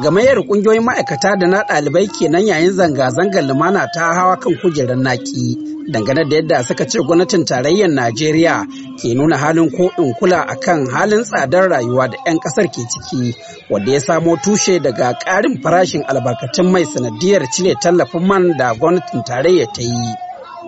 gamayyar kungiyoyin ma'aikata da na ɗalibai kenan yayin zanga-zangar lumana ta hawa kan kujerar naki dangane da yadda suka ce gwamnatin tarayyar najeriya ke nuna halin ko kula kula akan halin tsadar rayuwa da 'yan kasar ke ciki wanda ya samo tushe daga ƙarin farashin albarkatun mai sanadiyar cire tallafin man da gwamnatin tarayya ta yi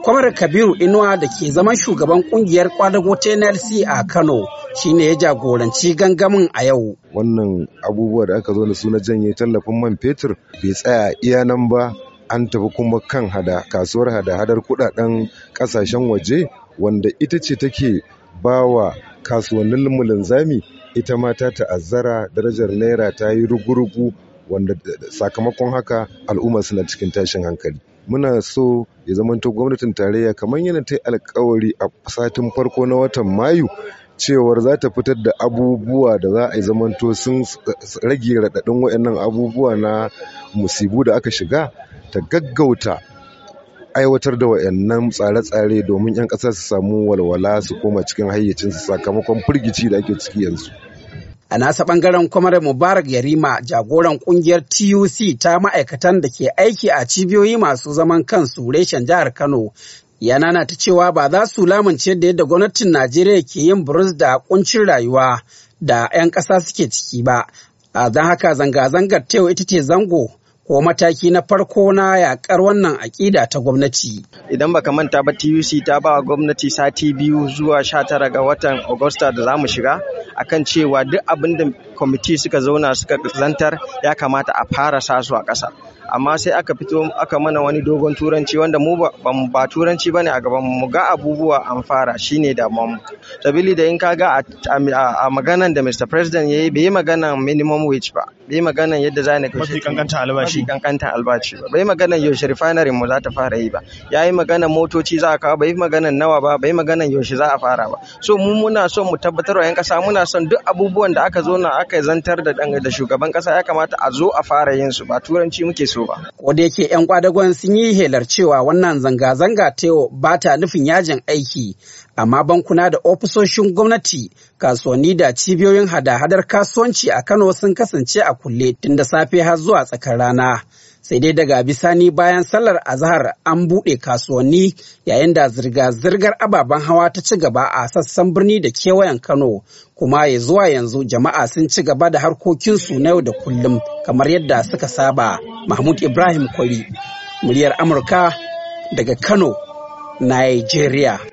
kwamar kabiru inuwa da ke zaman shugaban kungiyar kwadago ta nlc a kano shine ya jagoranci gangamin a yau wannan abubuwa da aka zo da suna janye tallafin man fetur bai tsaya iya nan ba an tafi kuma kan hada kasuwar hada-hadar kudaden kasashen waje wanda ita ce take bawa kasuwannin linzami ita ma ta ta'azzara darajar naira ta yi rugurugu, rugu wanda sakamakon haka al'ummar suna cikin tashin hankali muna so ya zamanto gwamnatin tarayya kamar yana ta yi alkawari a satin farko na watan mayu cewar za ta fitar da abubuwa da za a yi zamanto sun rage raɗaɗin waɗannan abubuwa na musibu da aka shiga ta gaggauta aiwatar da waɗannan tsare-tsare domin 'yan ƙasa su samu walwala su koma cikin hayyacinsu sakamakon firgici da ake ciki yanzu. A nasa bangaren kwamar Mubarak Yarima jagoran kungiyar TUC ta ma'aikatan da ke aiki a cibiyoyi masu zaman kansu reshen jihar Kano ya nanata cewa ba za su lamunce da yadda gwamnatin Najeriya ke yin burus da kuncin rayuwa da 'yan ƙasa suke ciki ba. A don haka zanga-zangar tewa ita ce zango ko mataki na farko na yakar wannan aƙida ta gwamnati. Idan baka manta ba TUC ta ba gwamnati sati biyu zuwa sha tara ga watan Agusta da za mu shiga akan cewa duk abin da kwamiti suka zauna suka zantar ya kamata a fara sa su a ƙasa amma sai aka fito aka mana wani dogon turanci wanda mu ba turanci bane a gaban mu ga abubuwa an fara shine da mu sabili da in ka ga a maganan da Mr President yayi bai maganan minimum wage ba bai maganan yadda za ne kashe kankanta albashi kankanta albashi ba bai maganan yaushe refinery mu za ta fara yi ba yayi maganan motoci za a kawo bai maganan nawa ba bai maganan yaushe za a fara ba so mu muna so mu tabbatar wa yan kasa muna muna son duk abubuwan da aka zo na aka zantar da da shugaban kasa ya kamata a zo a fara yin su ba turanci muke so ba ko da yake yan kwadagon sun yi helar cewa wannan zanga zanga teo ba ta nufin yajin aiki amma bankuna da ofisoshin gwamnati kasuwanni da cibiyoyin hada-hadar kasuwanci a Kano sun kasance a kulle tun da safe har zuwa tsakar rana sai dai daga bisani bayan sallar azahar an buɗe kasuwanni yayin da zirga-zirgar ababen hawa ta ci gaba a sassan birni da kewayen kano kuma ya zuwa yanzu jama'a sun ci gaba da harkokinsu na yau da kullum kamar yadda suka saba mahmud ibrahim kwari muryar amurka daga kano nigeria